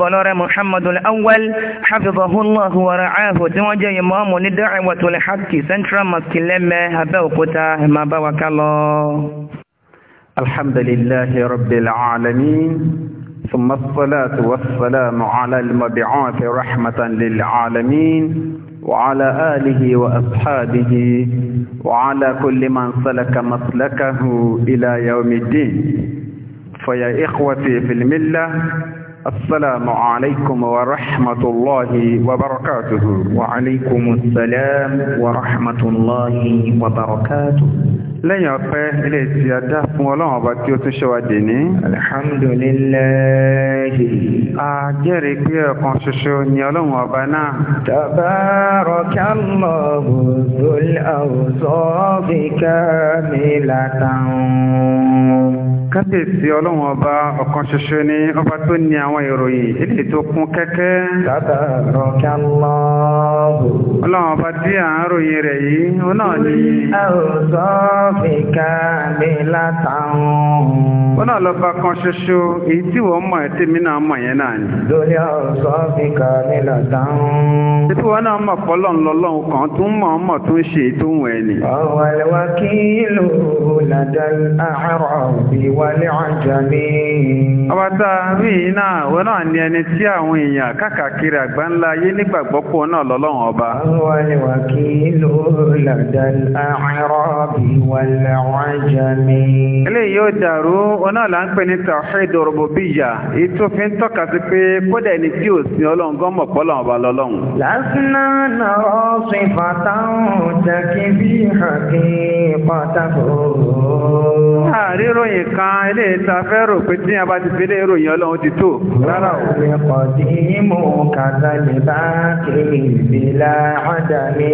بلاره محمد الأول حفظه الله ورعاه توجه إمام الدعوة الحق سنترا مسكلمة هبوكتا ما بوك الله الحمد لله رب العالمين ثم الصلاة والسلام على المبعوث رحمة للعالمين وعلى آله وأصحابه وعلى كل من سلك مسلكه إلى يوم الدين فيا إخوتي في الملة السلام عليكم ورحمة الله وبركاته وعليكم السلام ورحمة الله وبركاته lẹ́yìn ọpẹ́ ilé tí a dá fún ọlọ́run ọba tí ó tún ṣe wá dè ní. alhamdulilayi. a jẹ́rìí pé ọ̀kan ṣoṣo ni ọlọ́run ọba náà. tabarakallahu zul awsafi kamilatan. kábíyèsí ọlọ́run ọba ọ̀kan ṣoṣo ni ọba tó ní àwọn àwọn ìròyìn ilé tó kún kẹ́kẹ́. Tabarakallahu. Ọlọ́run ọba tí à ń rẹ̀ yìí, ó náà ní. Àwọn ọ̀sọ́ fi ká mi látàrún ó náà lọ bá kan ṣoṣo èyí tí wọ́n mọ̀ ẹ́ tèmi náà mọ̀ yẹn náà ni. lórí ọ̀sán áfíríkà nílò dáhùn. títí wọn náà mọ̀ pọ́lọ́ ńlọ́lọ́hún kan tó ń mọ̀ ọmọ tó ń ṣe tó ń wẹ̀ ni. ọ̀wọ̀ ẹ̀wà kí ló lọ́dọ̀ àárọ̀ bí wálé ọjà mi. ọba tá a rí i náà wọn náà ní ẹni tí àwọn èèyàn káàkiri àgbáńlá ayé nígbàgbọ́ pọ̀ náà lọ́lọ́run ọba. ọ̀wọ̀ ẹ̀wà kí ló lọ́dọ̀ àárọ̀ bí wálé ọjà mi òun náà là ń pè ní tawhid rububiyya ètò fi ń tọ́ka sí pé kódà ẹni tí ò sin ọlọ́run gan mọ̀ pọ́ lọ́lọ́run. lásìnà náà sìn fàtàwọn jẹ́kí bí hàkí pàtàkó. àárí ròyìn kan ilé ìta fẹ́ rò pé tí a bá ti fi lé ròyìn ọlọ́run ti tó. rárá o. ìwé pọ̀ sí mú kàtà lè bá kiri ìbílà ọjà mi.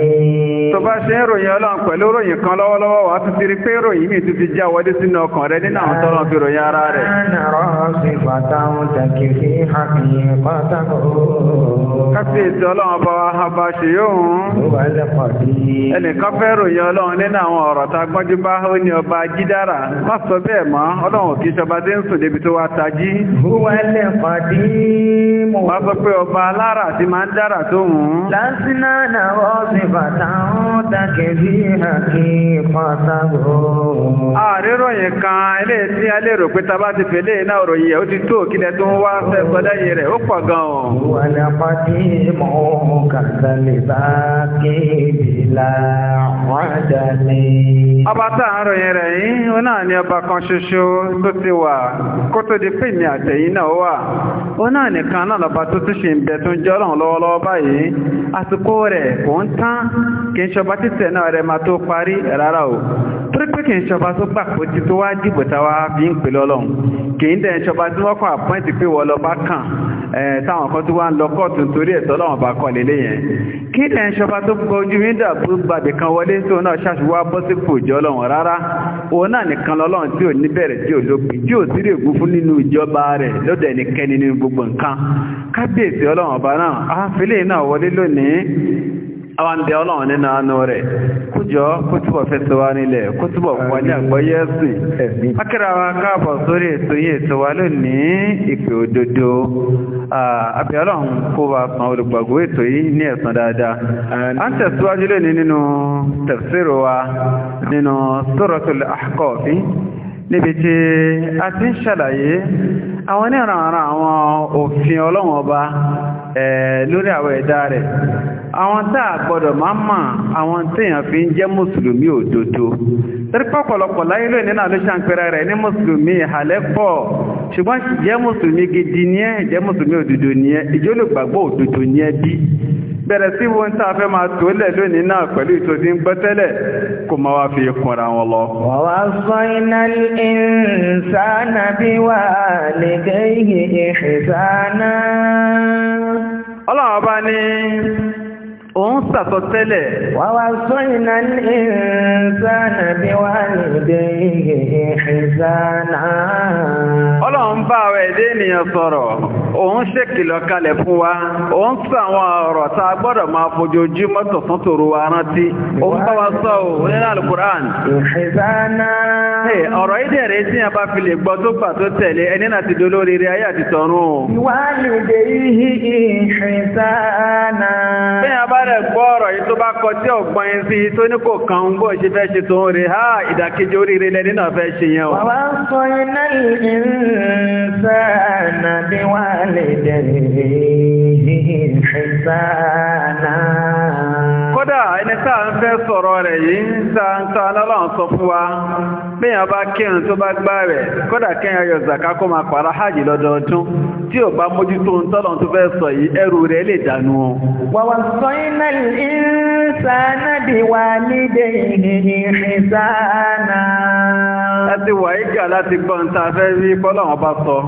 tó bá ṣe ń ròyìn ọlọ́run pẹ̀lú ròyìn kan lọ́wọ́lọ́wọ́ wàá tún ti rí pé ròyìn mi tún ti já wọlé sínú ọkàn rẹ nínú àwọn tọ́lọ́ ìròyìn ara rẹ̀. Kásì ètò ọlọ́run bá wa bá ṣe yóò hún. Ẹnìkan fẹ́ ròyìn ọlọ́run nínú àwọn ọ̀rọ̀ tá gbọ́njú bá ó ní ọba jídára. Má sọ bẹ́ẹ̀ mọ́, ọlọ́run kì í ṣọba tí ń sùn débi tó wá tají. Má sọ pé ọba alára ti máa ń dára tó hùn. Lásìnà náà wọ́n sì bàtà ń dàkẹ́ bí àkíkọ́ sábò. kan ilé lérò pé tàbá ti fèlé iná ọ̀rọ̀ yìí ó ti tó kí lẹ tó ń wá sẹ́sọ lẹ́yìn rẹ̀ ó pọ̀ gan-an. wà ní apáti mọ́ kàkà lè bá kéèdè la wájà ni. ọba tá à ń ròyìn rẹ̀ yìí ó náà ní ọba kan ṣoṣo tó ti wà kó tó di pé ní àtẹ̀yìn náà wà ó náà nìkan náà lọ́ba tó tún ṣe ń bẹ tó ń jọ́ ọ̀ràn lọ́wọ́lọ́wọ́ báyìí àsìkò rẹ̀ kò ń tán kì í ṣọba títẹ̀ náà rẹ̀ máa tó parí rárá o torí pé kì í ṣọba tó gbà kó ti tó wá dìbò táwa fi ń ń pè lọ́lọ́run kì í dẹ̀ ìjọba tí wọ́n kọ́ àpọ́ìntì pé wọ́n lọ bá kàn táwọn kan tó wá ń lọ kọ́ọ̀tù torí ẹ̀tọ́ lọ́wọ́n bá kọ́ lélẹ̀ yẹn kí dẹ̀ ìjọba tó gbọ́jú mí dà tó gbàgbé kan wọlé tó náà ṣàṣùwá bọ́ sí kò jọ lọ́wọ́n rárá òun náà nìkan lọ́lọ́run tí ò ní bẹ̀rẹ̀ tí ò lópin tí ò sí rè gún fún nínú ìjọba rẹ̀ lọ́dọ̀ ẹnikẹ́ni nínú gbogbo nǹkan kábíyèsí ọlọ́wọ́n ọba náà á fi lè náà wọlé lónìí àwọn àndẹ ọlọ́run nínú àánú rẹ̀ kújọ kó túbọ̀ fẹsẹ̀ wá nílẹ̀ kó túbọ̀ wà ní àgbọ́yé ẹ̀sìn akẹ́rẹ́ àwọn akáàbọ̀ sórí ètò yìí ètò wa lónìí ìpè òdodo àbẹ̀ ọlọ́run kó wa san olùgbàgbọ́ ètò yìí ní ẹ̀san dáadáa à ń tẹ̀síwájú lónìí nínú tafsir nínú Suratul Ahqaf níbi tí a ti ń ṣàlàyé àwọn oníranran àwọn òfin ọlọ́wọ̀n ọba lórí àwọn ẹ̀dá rẹ̀ àwọn táà gbọdọ̀ máa mọ̀ àwọn tíyàn fi ń jẹ́ mùsùlùmí òdodo tẹ́rípọ̀ pọ̀lọpọ̀ láyé lónìí náà ló ṣàǹpẹ̀rẹ̀ rẹ̀ ní mùsùlùmí ìhàlẹ́ pọ̀ ṣùgbọ́n jẹ́ mùsùlùmí gidi ní ẹ̀ jẹ́ mùsùlùmí òdodo ní ẹ̀ ìjólùgbàgbọ́ òdodo ní ẹ̀ bí bẹ̀rẹ̀ sí wọn tàà fẹ́ máa tó lẹ̀ lónìí náà pẹ̀lú ìtòsí ń gbẹ́tẹ́lẹ̀ kò máa wá fi kúnra wọn lọ. wàá sọ iná ìsànà bí wà lè dé ìhìsànà. ọlọ́run bá ní. òun sàtọ tẹ́lẹ̀. wá iná ní ìrìnsánà bí ní ìdè ìrìnsánà. ọlọ́run bá àwọn ẹ̀dẹ́ ènìyàn sọ̀rọ̀ òun ṣèkìlọ̀ kalẹ̀ fún wa òun sọ àwọn ọ̀rọ̀ tá a gbọ́dọ̀ máa fojoojúmọ́ tọ̀tún tòru wa rántí òun bá wa sọ ò nínú alukur'an. ìrìnsánà. ọ̀rọ̀ yìí dẹ̀rẹ̀ tí a bá fi lè gbọ́ tó gbà tó tẹ̀lé ẹni náà ti dolórí ayé àti tọ̀run. ìwà rẹ̀ gbọ́ ọ̀rọ̀ yìí tó bá kọ tí ọ̀gbọ́n yìí sí tó ní kò kàn ń bọ̀ ṣe fẹ́ ṣe tó ń rí ha ìdàkejì oríire lẹ́ni náà fẹ́ ṣe yẹn o. sọ̀rọ̀ rẹ̀ yìí ń ta ń ta lọ́lọ́run sọ fún wa bíyàn bá kírun tó bá gbá rẹ̀ kódà kíyàn yọ zàká ma pàrà hajj lọ́dọọdún tí ò bá mójútó ń tọ́lọ́run tó fẹ́ sọ yìí ẹrù rẹ̀ lè dànù wà sọ.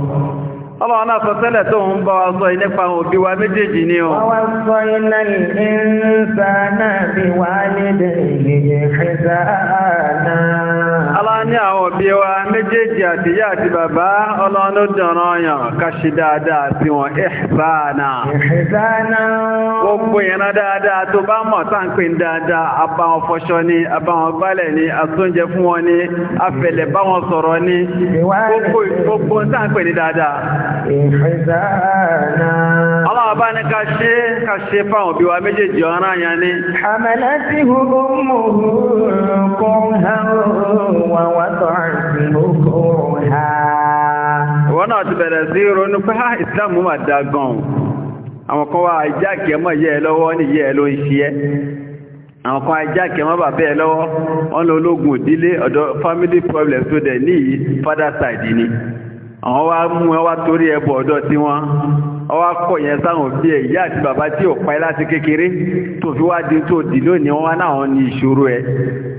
Ọlọ́run náà sọ tẹ́lẹ̀ tó ń bá wa sọ nípa àwọn òbí wa méjèèjì ni ọ. Wọ́n sọ iná ìrìnsà náà bí wà nílẹ̀ ìgbìyàn ṣẹ́sà náà. Alá ní àwọn òbí wa méjèèjì àti ìyá àti bàbá Ọlọ́run ló dọ̀rọ̀ ọyàn káṣí dáadáa sí wọn ìṣẹ́sàánà. Ìṣẹ́sàánà. Gbogbo ìran dáadáa tó bá mọ̀ sáǹpín dáadáa, abáwọn fọṣọ ni, abáwọn gbálẹ̀ ni, àtúnjẹ fún wọn ni, afẹ̀lẹ̀ báwọn ìfẹ́sánà. Ọlọ́ọ̀bá ní ká ṣe ká ṣe fáwọn òbí wa méjèèjì ọ̀rán àyà ní. Àmàlá tí gbogbo mú kún wà ha. Wọ́n náà ti bẹ̀rẹ̀ ronú pé ah, Àwọn kan wá lọ́wọ́ ní ló ń ṣe ẹ́ àwọn kan ológun ìdílé ọ̀dọ̀ family problems tó dẹ̀ ní father side àwọn wá mú ẹ wá torí ẹbọ ọ̀dọ́ tí wọ́n wá kọ̀ yẹn sáwọn òbí ẹ̀ ìyá àti bàbá tí ò pa ẹ́ láti kékeré tó fi wá di tó dì lónìí wọ́n wá náà ní ìṣòro ẹ̀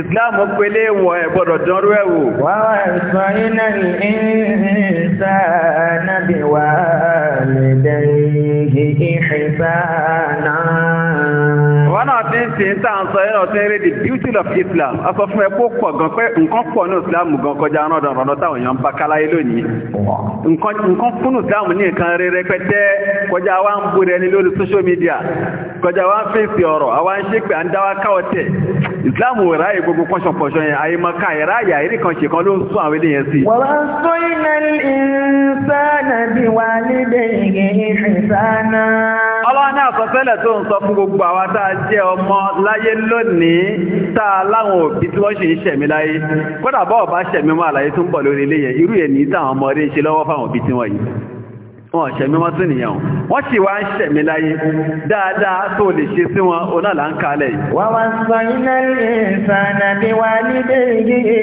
Islam pélé wọn ẹ̀ gbọ́dọ̀ dánrú ẹ̀ wò. Wà á sọ iná náà ti ń sìn tá à ń sọ yẹn náà ti ń rí the beauty of Islam a sọ fún ẹ kó pọ̀ gan pé nǹkan pọ̀ ní Islam gan kọjá náà dọ̀rọ̀ táwọn èèyàn ń bá káláyé lónìí nǹkan fún Islam ní nǹkan rí rẹpẹtẹ kọjá wa ń bu rẹ ní lórí social media kọjá wa ń fèsì ọ̀rọ̀ àwa ń ṣe pé à ń dá wa káwọ́ tẹ̀ Islam wò ráyè gbogbo pọ̀ṣọpọ̀ṣọ yẹn àyè ká ẹ̀rá àyà eré kan ṣe kan ló ń sún àwọn eléyẹn sí. wọ́n sọ ìnà ìsánà bí wàá lédè ìgbẹ́ ìsánà wá ní àsọtẹ́lẹ̀ tó ń sọ fún gbogbo àwa tá a jẹ́ ọmọ láyé lónìí tá a láwọn òbí tí wọ́n ṣe ń ṣẹ̀mí láyé kódà bá ọba ṣẹ̀mí mọ́ àlàyé tó ń pọ̀ lórí ilé yẹn irú èyí táwọn ọmọdé ń ṣe lọ́wọ́ fáwọn òbí tí wọ́n yìí wọn ṣẹ̀mí wọ́n tún nìyàn wọ́n sì wá ń ṣẹ̀mí láyé dáadáa tó lè ṣe sí wọn onáàlá ń kalẹ̀ yìí. wà wá sọ iná lè bí wà nídéé yìí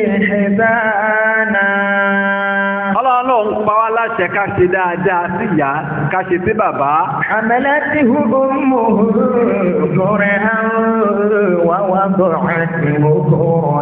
Ọlọ́run pa wá láṣẹ ká ṣe dáadáa sí ìyá ká ṣe sí bàbá. Àmẹ́lẹ́ ti hù ọmọ rẹ̀ wá wá bọ̀ rẹ̀ sí mú kọ́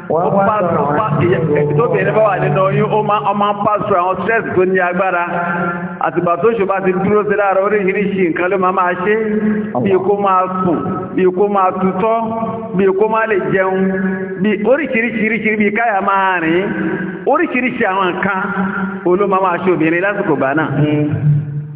wọ́n pàṣẹ pàṣẹ tó bẹ̀rẹ̀ bá wà nínú oyún ó máa ń pàṣẹ àwọn stress tó ní agbára àtìgbà tó ṣùgbà ti dúró sí lára oríṣiríṣi nǹkan ló máa máa ṣe bí kó máa sùn bí kó máa tutọ́ bí kó máa lè jẹun bí oríṣiríṣiríṣi bí káyà máa rìn oríṣiríṣi àwọn nǹkan olóma máa ṣe obìnrin lásìkò gbà náà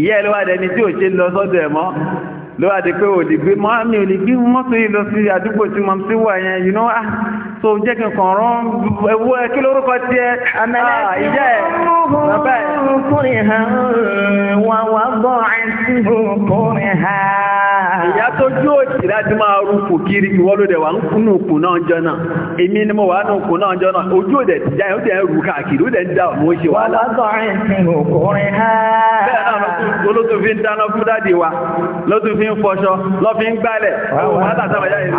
ìyá ẹ̀ ló wá dẹni tí ò ṣe lọ sọ́dọ̀ ẹ̀ mọ́ ló wá di pé ò lè gbé mọ́ mi ò lè gbé mọ́tò yìí lọ sí àdúgbò tí mo ti wà yẹn you know ah so jẹ́ kí n kàn rán ẹwọ́ ẹ kí lórúkọ tí ẹ ah, ìyá ẹ bàbá ẹ. ìyá tó jú òjì láti máa rú fò kiri ìwọ́lódẹ̀ wà nínú òkú náà jọ náà èmi ni mo wà nínú òkú náà jọ náà ojú òdẹ̀ ti já ẹ̀ ó dẹ̀ rú káàkiri ó dẹ̀ ń dá ọ̀mọ́ ṣe wàhálà. bẹ́ẹ̀ náà lọ́tún fi ń dáná fún dáàdì wa lọ́tún fi ń fọṣọ lọ́ fi ń gbálẹ̀ ọ̀hún látàtàwọ̀ yá ìlú.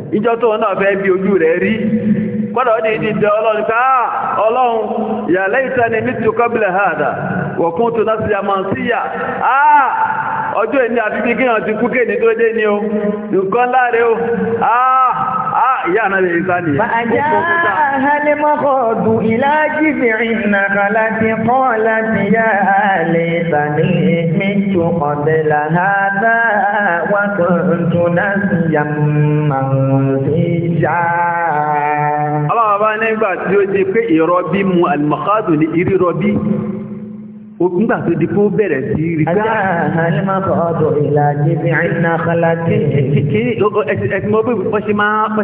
ìjọ tó náà fẹ́ bí ojú rẹ̀ rí kọ́dọ̀ ọdí ìdíje ọlọ́run ká ah, ọlọ́run ya laitani mitu qabla hada wa kuntu nasiyan na siya ah, ọjọ́ ìní àfi bí kíyàn ti kú kéèní tó dé ni o nǹkan láre o ah, ìyá náà lè sá nìyẹn. Bàjá Ahalimọ́kọ̀dù ìlàjì bìrin nàkà láti kọ́ láti yá àlè sàní mẹ́tò ọ̀dẹ̀là hádà wà tó tó náà sí yàmà sí já. Ọlọ́run bá nígbà tí ó di pé ìrọbí mu àlùmọ́kọ̀dù ní ìrírọbí nígbà tó di kó bẹ̀rẹ̀ sí rí gbá. ajá àhánimá kọ́ ọ̀dọ̀ ìlàjì bí àìnà kàlàtì. kí ẹ̀sìn mọ́ bí wọ́n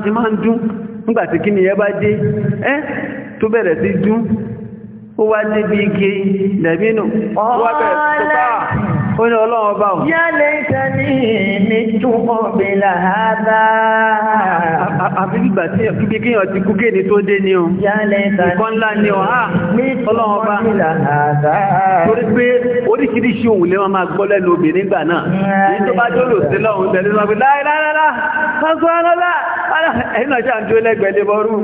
ṣe máa ń dún nígbà tí kí ni ẹ bá dé ẹ́ tó bẹ̀rẹ̀ sí dún ó wá débi ike dàbínú ó wá bẹ̀rẹ̀ sí tó bá ó ní ọlọ́run ọba ọ̀. yá lè tẹ́lẹ̀ mi túmọ̀ bí làhádá. àfi gbígbà tí kíbi kíyàn ti kú kéde tó dé ni o. yá lè tẹ́lẹ̀ nǹkan ńlá ni o ha ah, ọlọ́run ọba. torí pé oríṣiríṣi òun lè máa gbọ́ lẹ́nu obìnrin nígbà náà. èyí tó bá dóró sí lọ́hùn tẹ̀lé lọ́wọ́ pé láìláìláìlá fásitì ẹ̀yìn náà ṣàǹjú ẹlẹ́gbẹ̀ẹ́ lè bọ́rú.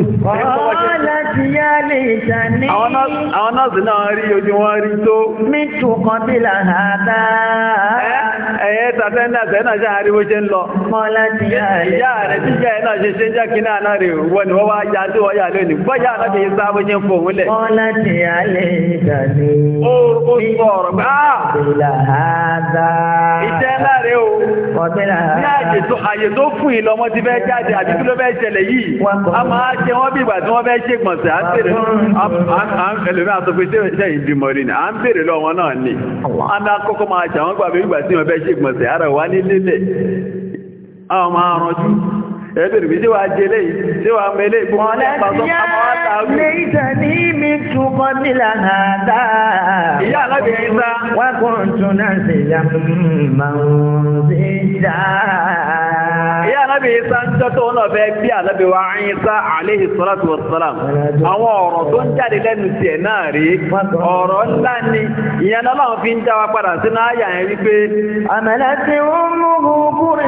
àwọn nọ́ọ̀sì náà rí ojú wọn rí tó. mi tún kan bí làhádá. Ẹ̀yẹ́ tàtẹ́ndà tẹ́nà ṣe àríwó ṣe ń lọ. Mọ́lá ti yá rẹ̀. Ìyá rẹ̀ ti jẹ́ ẹ̀nà ṣe ṣe ń jẹ́ kìnnà náà rẹ̀ wọ́n ni wọ́n wá já sí wọ́n yà lónìí. Bọ́jà náà ti sá bó ṣe ń fò wúlẹ̀. Mọ́lá ti Ó sọ ṣàwọn gbàgbé ìgbà tí wọ́n fẹ́ ṣe gbọ̀nsẹ̀ ara wà ní lélẹ̀ àwọn ọmọ arànjú ẹ̀bẹ̀rẹ̀ bí tí wà jẹ lẹ́yìn tí wà mẹ́lẹ̀ ìgbọ́n wọn lẹ́pàá tó kàmọ́ àtàrí ìjà ní mi túnkọ́ nílà àdá ìyá alábìnrin sá wà kún tún náà sí ìyàmà òǹdíjà ìyá alábìnrin sá ń jọ́ tó náà fẹ́ bí wa ń sá àléhì sọ́látù wọ̀sálàm àwọn ọ̀rọ̀ ńlá ni ìyẹn fi ń já padà sínú àyà yẹn wípé àmẹ́lẹ́ tí wọ́n mú búburú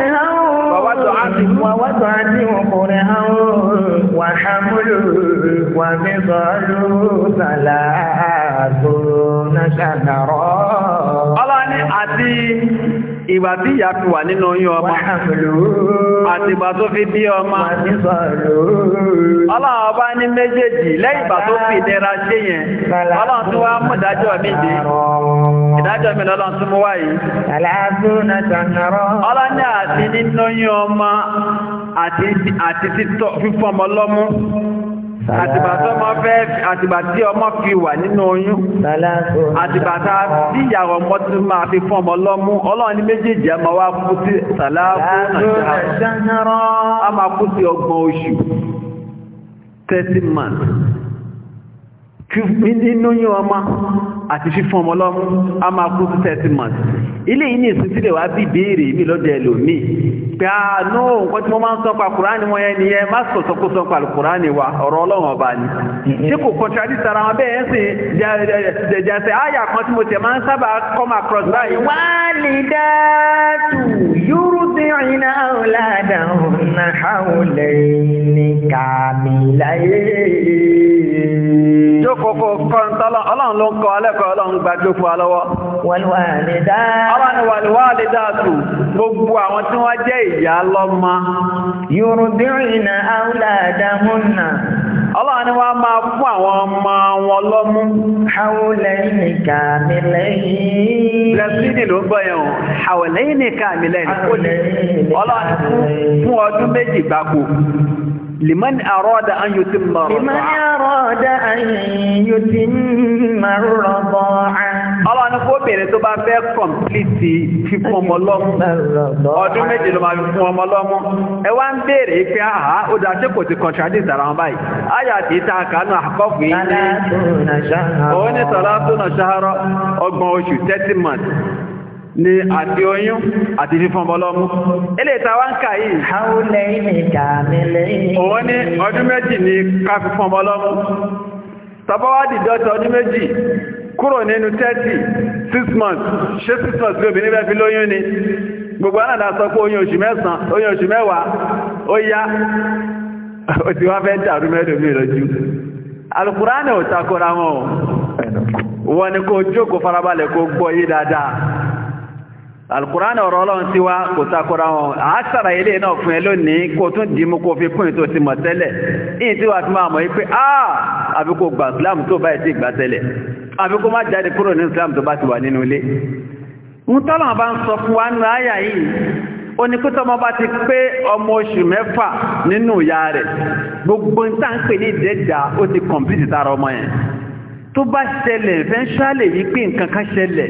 ووضعتهم قرها وحمله ومضاله ثلاثون شهرا ìgbà tí ìyá fi wà nínú oyún ọmọ àtìgbà tó fi bí ọmọ ọlọ́run ọba ní méjèèjì lẹ́yìn ìgbà tó fi ìdẹ̀ra ṣe yẹn ọlọ́run tó wá mú ìdájọ́ mi lọ́lọ́run àtìgbà tí ọmọ fi wà nínú oyún àtìgbà tí ìyàwó ọmọ tí máa fi fún ọmọ lọ́mú ọlọ́run ní méjèèjì a máa wá kú sí sàlááfù a máa kú sí ọgbọ̀n oṣù 30 months nínú oyún ọmọ àti fífún ọmọ lọ́mú a máa kú sí 30 months ilé yìí ní ìsinsílẹ̀ wá bí béèrè mi lọ́dọ̀ ẹ̀ lòmíì pé a ah, nù nǹkan tí mo máa ń sọ pa kùránì wọn yẹn nìyẹn má sọ sọkó sọ pa kùránì wa ọ̀rọ̀ ọlọ́run ọba ni mm-hmm. ṣé kò kọ́ntradì sara wọn bẹ́ẹ̀ sì jẹjẹsẹ̀ àyà kan tí mo tẹ̀ máa ń sábà come across báyìí. wálidátù yurdi'na awladahunna hawlayni kamilayn jókòókò kọ́ntọ́lọ́ ọlọ́run ló ń kọ́ alẹ́kọ̀ọ́ ọlọ́run gba tó fún alọ́wọ́. wàlúwàlídáàtù gbogbo àwọn tí wọ́n jẹ́ ìyá lọ́mọ. yorùbá àwùlàdàmúnà. ọlọ́run wa máa fún àwọn ọmọ wọn lọ́mú. hawlẹ́yìn nìkà mi لمن أراد أن يتم الرضاعة لمن أراد أن يتم الرضاعة Allah ni kó bèrè tó bá fẹ́ kọ̀m̀plìtì fífún ọmọ lọ́mú ọdún méje ló máa fi fún ọmọ lọ́mú ẹ wá ń bèrè pé àhá ó dá sí kò ti contradict ara wọn báyìí ayà tí ta kánú àkọ́kù yìí ní òun ní sọ̀rọ̀ tó nà ṣáárọ̀ ọgbọ̀n oṣù thirty months ni àti oyún àti fífún ọmọlọ́mú. Ilé ìtawà ń kà yìí. Haúlẹ̀ ilẹ̀ kàmílẹ̀ Òun ní ọdún méjì ni ká fífún ọmọlọ́mú. Tọ́bọ́wá dìdọ́ta ọdún méjì kúrò nínú 30, 6 months, ṣe 6 months bí fi lóyún ni. Gbogbo anáda sọ pé oyún oṣù mẹ́sàn, oyún oṣù mẹ́wàá, ó yá, ó ti wá fẹ́ lójú. ò takora wọn Wọ́n ni alkùránì ọ̀rọ̀ ọlọ́run sí wá kò takọ́ra wọn àásàrà ilé náà fún ẹ lónìí kò tún dìímú kò fi kún ètò ti mọ̀ tẹ́lẹ̀ ìyìn tí wà fi máa mọ̀ wípé àà ah! àbíkò gbà islam tó bá ti gbà tẹ́lẹ̀ àbíkò má jáde kúrò ní islam tó bá ti wà nínú ilé ń tọ́lọ̀ bá ń sọ bá ti pé ọmọ oṣù mẹ́fà nínú ìyá rẹ̀ gbogbo ń tà pè ní ìdẹ́jà ó ti kọ̀m̀pìtì tára ọmọ yẹn tó bá ṣẹlẹ̀ eventually yìí pé nǹkan kan ṣẹlẹ̀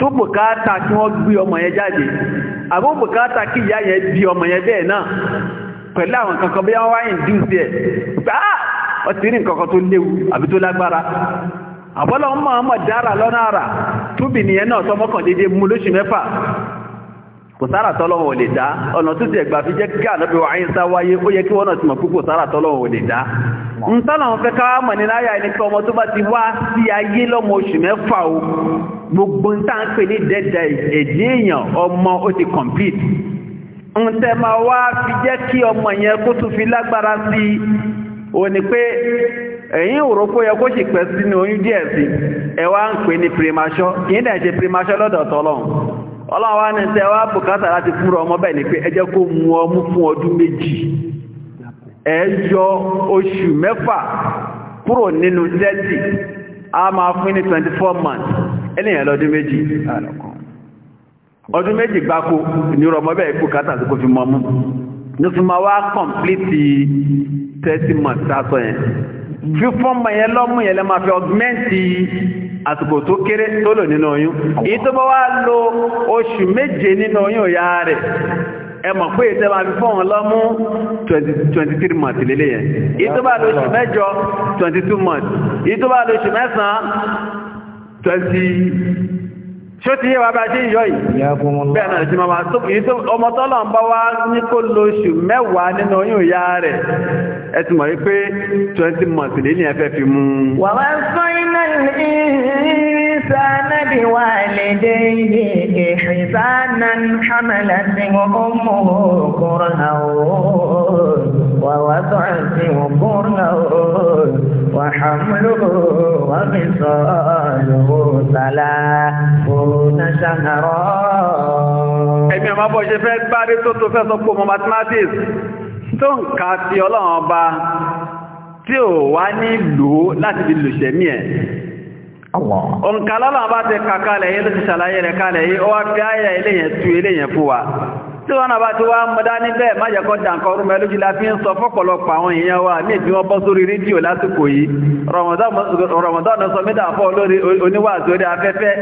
tó bùkátà kí wọ́n ọmọ yẹn jáde àbó bùkátà kí ìyá yẹ bí ọmọ ya bẹ́ẹ̀ náà pẹ̀lú àwọn kankan bí wọ́n wá induce ẹ̀ pé to ah! ọ ti rí nǹkan tó léwu àbí tó lágbára àbọ́lọ́ mọ̀ ọmọ dára lọ́nà àrà nìyẹn kò sára tọ́lọ́wọ̀ ò lè dá ọ̀nà tó ti fi jẹ́ gíga lọ́bí wà áyín sáwáyé ó yẹ kí wọ́n náà ti mọ̀ pé sára tọ́lọ́wọ̀ ò lè dá ń ọmọ tó bá ti wá sí ayé lọ́mọ oṣù mẹ́fà o gbogbo ń tá ń pè ní dẹ́dẹ́ ọmọ ó ti ń tẹ́ wá fi jẹ́ kí ọmọ yẹn kó tún lágbára sí i ò ní pé ẹ̀yìn yẹ ọlọ́wà ní tẹ́ wá bùkátà láti fún ọmọ bẹ́ẹ̀ ni pé ẹ jẹ́ kó mu ọmú fún ọdún méjì ẹ yọ oṣù mẹ́fà kúrò nínú 30 a máa fún ní 24 months ẹlẹ́yìn lọ́dún méjì ọdún méjì gbáko ní ọmọ bẹ́ẹ̀ bùkátà tó kó fi mọ́mú ní fi máa wá kọ̀m̀plìtì 30 months sásọ yẹn fífọ́mọ̀ yẹn lọ́mú yẹn lẹ́ máa fi augmenti àsìkò tó kéré tó lò nínú oyún èyí tó bá wá lo oṣù méje nínú oyún ìyá rẹ̀ Ẹmọ̀ mọ̀ pé ìtẹ́ máa fi fọ́n lọ́mú 23 months lélé yẹn èyí tó bá lo oṣù mẹ́jọ 22 months èyí tó bá lo oṣù mẹ́sàn ṣó ti yé wa bá ṣe yọ yìí bẹ́ẹ̀ náà ti máa tó kìí tó ọmọ tọ́lọ̀ ń bá wá ní kó lo oṣù mẹ́wàá nínú oyún ìyá rẹ̀ ẹ yí pé twenty months lè ní ẹfẹ́ fi mú. wàá fún iná ìsànà bí wà lédè yìí ìsànà hàmàlà sí wọn àwọn. ووضعت برنه وحمله وفصاله ثلاثون شهرا èmi ọmọ bọ́ ṣe fẹ́ gbárí tó tó fẹ́ sọ pé ọmọ mathematics tó ń ka ti ọlọ́run ọba tí ò wá ní lò láti fi lòṣẹ̀mí ẹ̀ òǹkà lọ́lọ́run bá ti kàkálẹ̀ yìí ló ti ṣàlàyé rẹ̀ kálẹ̀ yìí ó wá fi ayẹyẹ ilé yẹn tú ilé yẹn fún wa tí wọ́n náà bá ti wá mọ́dá níbẹ̀ má jẹ́ jàǹkọ́ rú mẹ́lú la fi sọ fọ́pọ̀lọpọ̀ àwọn èèyàn wa ní ìbí wọn bọ́ sórí rédíò lásìkò yìí rọmọdọ́nà sọ mẹ́ta fọ́ olórí oníwàásí orí afẹ́fẹ́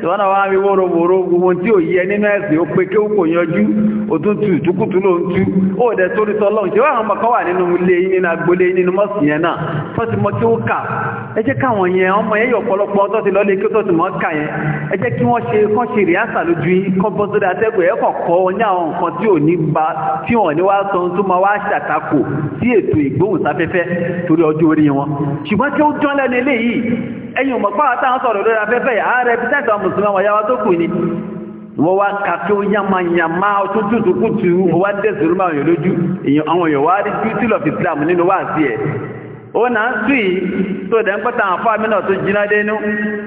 tí wọ́n náà wá wíwó rowòrò gbogbo tí ò yẹ nínú ẹ̀sìn ó pé kí ó kò yanjú òtún tù ló ń tú ó dẹ̀ torí tọ́lọ́n ṣe wọ́n mọ̀kọ́ wà nínú ilé yìí nínú agbolé nínú mọ́sì yẹn náà fọ́sí mọ́ ó kà nǹkan tí ò ní bá tí wọ́n ní wá sọ tó máa wá ṣàtakò sí ètò ìgbóhùnsáfẹ́fẹ́ torí ọjọ́ orí wọn ṣùgbọ́n tí ó jọ́ lẹ́nu eléyìí ẹ̀yin mọ̀ pàwọ́ ó yàmàyàmá ń sùn yìí tó dẹ̀ ń pẹ́ta àwọn fáàmì náà tó jiná dénú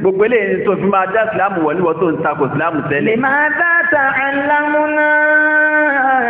gbogbo eléyìí tó fi máa dá Islam wọ̀ níwọ̀ tó ń takò Islam tẹ́lẹ̀.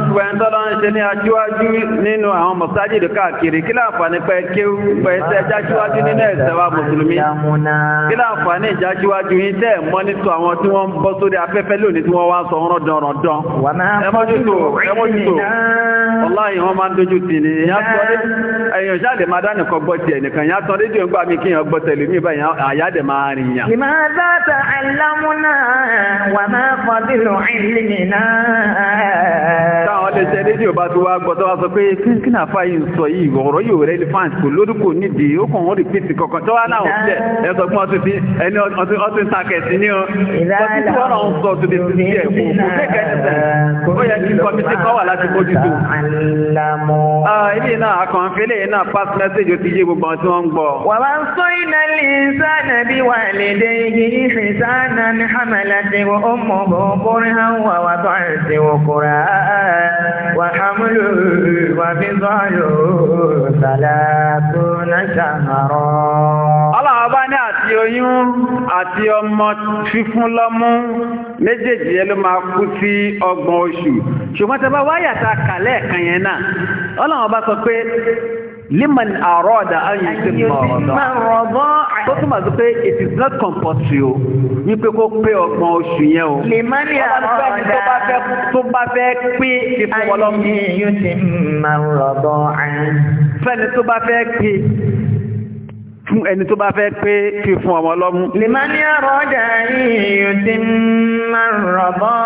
ń pẹ̀ ń tọ́lọ́ ń ṣe ní aṣíwájú nínú àwọn mọ̀sájìdì káàkiri kí láǹfààní pẹ́ kéwú pẹ̀ẹ́sẹ̀ jáṣíwájú nínú ẹ̀sẹ̀wà mùsùlùmí kí láǹfààní ìjáṣíwájú yìí tẹ́ mọ́nítọ̀ àwọn tí wọ́n ń bọ́ sórí afẹ́fẹ́ lónìí tí wọ́n wá sọ ọ̀rọ̀ dán ọ̀rọ̀ dán ẹmọ́jútó wọ́láyìn wọ́n máa ń dojú ti ní èyàn ṣáàdè máa dá nìkan gbọ́ ti ẹ̀nìkan yà tán rédíò ń gbà mí kí gbọ́ tẹ̀lé mi báyìí àyàdè máa rìn yàn. ìmọ̀ àtàtà àlámúná wà máa kọ́ dìlù ìlìmìnà. táwọn lè ṣe rédíò bá ti wá gbọ́ tó wá sọ pé kí náà fà yìí sọ yìí ọ̀rọ̀ rẹ̀ kò lórúkọ nídìí ó kàn wọ́n rí pèsè tó wá láwọn ta'lamu. Ah, ilé náà akọ̀nfẹ́lẹ̀ náà pass message ti yé gbogbo tí wọ́n ń gbọ́. Wa wassayna al-insana biwalidayhi ihsanan hamalathu ummuhu kurhan wa wada'athu kurhan wa hamluhu wa fisaluhu thalathuna shahra. Ọlọ́ọ̀bá ní àti oyún àti ọmọ fífún lọ́mú méjèèjì ẹ ló máa kú sí ọgbọ̀n oṣù. Ṣùgbọ́n tẹ bá wáyà ta kàlẹ́ kan yẹn náà ọlọ́run bá sọ pé liman àrọ́ọ̀dà ayùsí mọ̀rọ̀dọ́ tó túmọ̀ sí pé it is not compulsory o wípé kó pé ọgbọ̀n oṣù yẹn o liman àrọ́ọ̀dà tó bá fẹ́ pé ayùsí mọ̀rọ̀dọ́ fẹ́ni tó bá fẹ́ pé fún ẹni tó bá fẹ́ pé fi fún ọmọ lọ́mú. lèmánì àrọ́jà yìí ti máa rọ̀bọ́.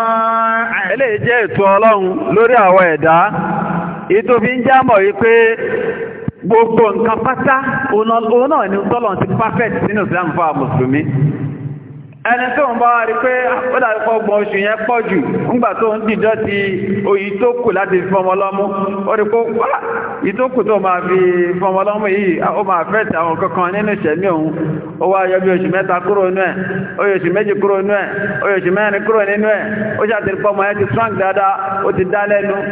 eléyìí jẹ́ ètò ọlọ́run lórí àwọn ẹ̀dá ètò fi ń jámọ̀ wípé gbogbo nǹkan pátá òun náà ni tọ́lọ̀ ti perfect sínú Islam fún àwọn mùsùlùmí ẹni tó ń bá rí pé ah, ó dàbí pọ́ ọgbọ̀n oṣù yẹn pọ̀ jù ńgbà tó ń dìjọ́ ti oyi tó kù láti ó rí ah, tó máa fi fọmọ yìí ah, ó máa fẹ́ ti àwọn kankan nínú ìṣẹ̀mí òun ó wá yọ bí oṣù mẹ́ta kúrò nú ẹ̀ oṣù méjì kúrò nú ẹ̀ oṣù mẹ́rin kúrò nínú ẹ̀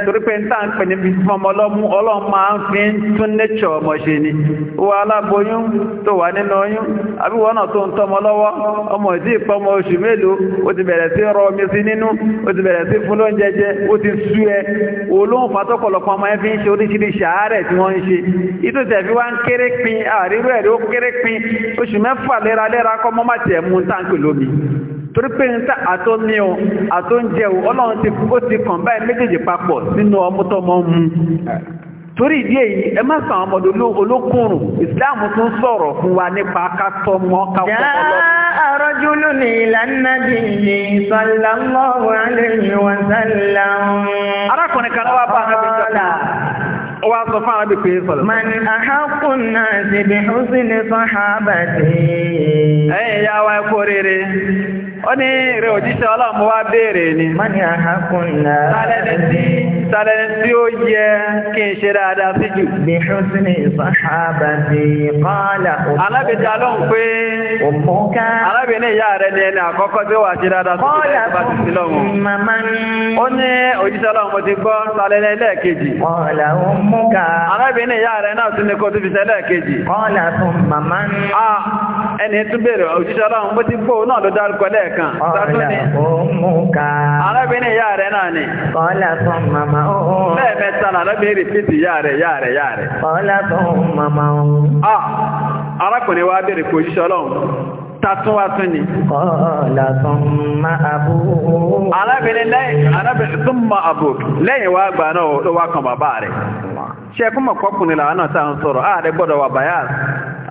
torí pé níta ń pè ní ọlọ́run fi ń tún ọmọ ṣe ni pọmọ oṣù mélòó ó ti bẹ̀rẹ̀ sí rọ omi sí nínú ó ti bẹ̀rẹ̀ sí fún lóúnjẹ jẹ ó ti sú ẹ olóhùn fatọ́kọ̀lọpọ̀ ọmọ ẹ fi ń ṣe oríṣiríṣi àárẹ̀ tí wọ́n ń ṣe ìtò tẹ̀fí wá ń kéré pin àrírú ẹ̀rí ó kéré pin oṣù mẹ́fà léraléra kọ́ mọ́ má tiẹ̀ mú táǹkì lómi torí pé níta àtó o àtó o ọlọ́run ti kó ti kàn báyìí méjèèjì papọ̀ sínú ọmú tọ́mọ torí ìdí èyí ẹ má sàn ọmọdé olókùnrùn ìsìláàmù tún sọ̀rọ̀ fún wa nípa kátọ́ mọ́ káwọn ọlọ́run. àrọ́júlù ní ìlànà bìyì sallallahu alayhi wa sallam. arákùnrin kan wá bá anábì sọ́kà ó wá sọ fún anábì pé sọ̀rọ̀. man ahakun náà ti bí húsìn ní sọ́hábàtì. ẹ̀yìn ìyá wa kú oríire. ó ní rẹ̀ òjíṣẹ́ ọlọ́mù wá béèrè ni sàlẹ̀ni tí ó yẹ kí n ṣe dáadáa sí jù bí ṣúsìnì ìsọ̀hábàtì ló ń pé alábìnrin ìyá ni ẹni àkọ́kọ́ tí ó wà ṣe dáadáa sí bá sí lọ́wọ́ ó ní òjíṣẹ́ ọlọ́mù ti gbọ́ ní lẹ́ẹ̀kejì alábìnrin ìyá náà tún ní kó tún fi ah, ẹni tún òjíṣẹ́ bó ti gbó náà ló dárúkọ kan. Ọ̀la òmù ká. Arábìnrin ìyá rẹ̀ náà ni. Kọ́lá fún màmá òun. Lẹ́ẹ̀mẹ́ta náà arábìnrin rìpítì ìyá rẹ̀ ìyá rẹ̀ ìyá rẹ̀. Kọ́lá fún màmá òun. Arákùnrin wa bèrè kò jíṣẹ́ ọlọ́run tatún wá tún ni. Kọ́ọ̀lá tún ma àbò. Arábìnrin lẹ́yìn arábìnrin tún ma àbò lẹ́yìn wá gbà náà ló wá kan bàbá rẹ̀. ṣe kó mọ̀ pọ́kùnrin làwọn náà a ń sọ̀rọ̀ ah, ààrẹ gbọ́dọ̀ wà báyà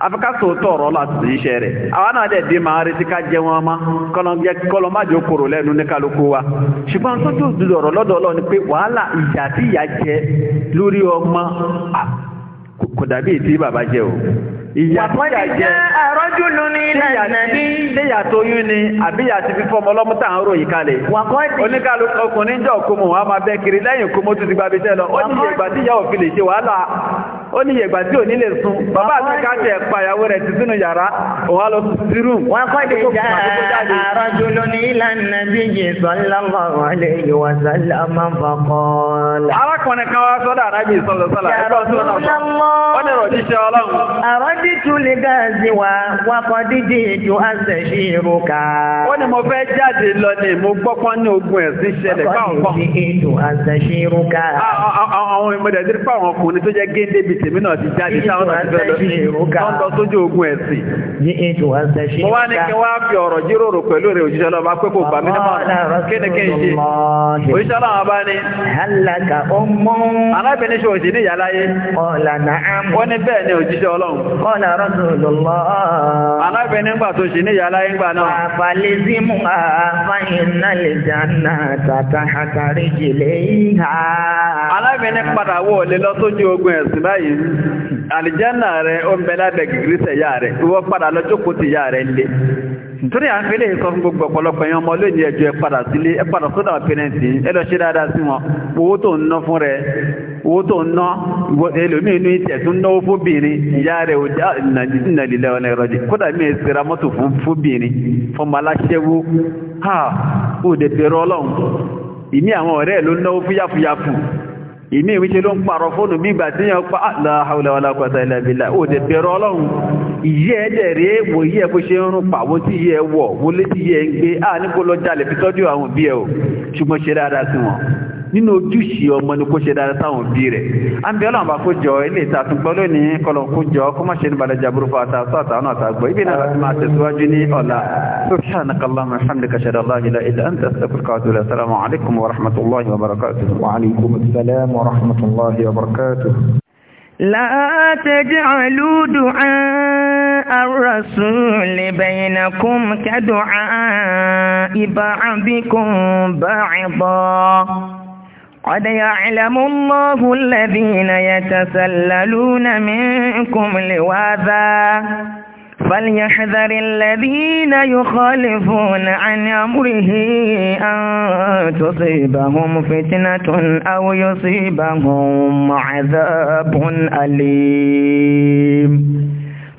afikaso tọrọ láti iṣẹ́ rẹ̀ àwọn náà dẹ̀ di máa retí ká jẹ wọn ma kọlọmájò kòrò lẹ́nu ní kálukú wa ṣùgbọ́n tó dùn wàhálà ìjà o. ìyàtọ̀ jẹ́ àrọ́jùlù ní Níyàtọ̀ ni àbí yàtí fífọ́ ọmọ ọlọ́mú tá à ń ròyìn kalẹ̀. Oníkàlùkù ọkùnrin jọ kó mọ̀ wá máa bẹ́ kiri lẹ́yìn kó mọ́ tún ti gba lọ. Ó ní iye tí ìyá òfin lè ṣe wàhálà. Ó ní tí ò ní lè sun. Bàbá àti rẹ̀ ti sínú yàrá. Òun á lọ sí arákùnrin kan wá sọ́dọ̀ àrábì sọ́lọ̀sọ́lọ̀ ẹgbẹ́ ọ̀sán náà ó ní ìrọ̀lẹ́ iṣẹ́ ọlọ́run. àrọ́dí tún lè gáàzì wakọ̀ dídí ètò àṣẹṣe èrò ká. ó ní mo fẹ́ jáde lọ ni mo gbọ́pọ́n ní ogun ẹ̀sìn ṣẹlẹ̀ fáwọn kan. wakọ̀ dídí ètò àṣẹṣe èrò ká. àwọn ìmọ̀lẹ̀ ti fáwọn ọkùnrin tó jẹ́ géńdé Arábìnrin ṣe òjì ní ìyàláyé. Ọ̀là náà. ọ ní bẹ́ẹ̀ ni òjíṣẹ́ Ọlọ́run. Ọ̀là Rasulullah. Arábìnrin gbà tó ṣì ní ìyàláyé gbà náà. sí mú lè tàtà ogun ẹ̀sìn báyìí. rẹ̀ ó ń bẹ lábẹ́ gìgírísẹ̀ yá rẹ̀. padà nítorí à ń fi léyìn sọ fún gbogbo ọ̀pọ̀lọpọ̀ ọmọ lónìí ẹjọ́ ẹ padà sílé ẹ padà sọ́dọ̀ pẹrẹntì ẹ lọ ṣe dáadáa sí wọn owó tó ń ná fún rẹ owó tó ń ná ẹlòmíì inú ìtẹ̀ tó ń náwó fóbìnrin ìyá rẹ̀ ò ha ọlọ́run àwọn ọ̀rẹ́ ló ìmí ìwíṣẹ́ ló ń pààrọ̀ fóònù bí ìgbà tí yàn pa ah, la hawla wala quwwata illa billah ó dẹ̀ bẹ̀rọ ọlọ́run ìyẹ́ ẹ̀dẹ̀ rí wò yíẹ̀ bó ṣe ń rún pàwó tí yíẹ̀ wọ̀ wọlé tí yíẹ̀ ń gbé à níbo lọ jalè fi tọ́jú àwọn òbí ẹ̀ o ṣùgbọ́n ṣe dáadáa sí wọn nínú ojúṣe ọmọ ni kó ṣe dára sáwọn òbí rẹ̀ a ń bẹ ọlọ́run bá kó jọ ilé ìta àtúgbọ́ lónìí kọlọ̀ kó jọ kó má ṣe ní balẹ̀ jàbúrú fún ata sọ àtàwọn àtàgbọ́ ibi náà láti máa tẹ̀síwájú ní ọ̀la subhanaka allahumma hamdika shada allah ila ila anta astaghfiruka wa atubu ilayk assalamu alaykum wa rahmatullahi wa barakatuh wa alaykum assalam wa rahmatullahi wa barakatuh لا تجعلوا دعاء الرسول بينكم كدعاء بعضكم بعضا قد يعلم الله الذين يتسللون منكم لواذا فليحذر الذين يخالفون عن أمره أن تصيبهم فتنة أو يصيبهم عذاب أليم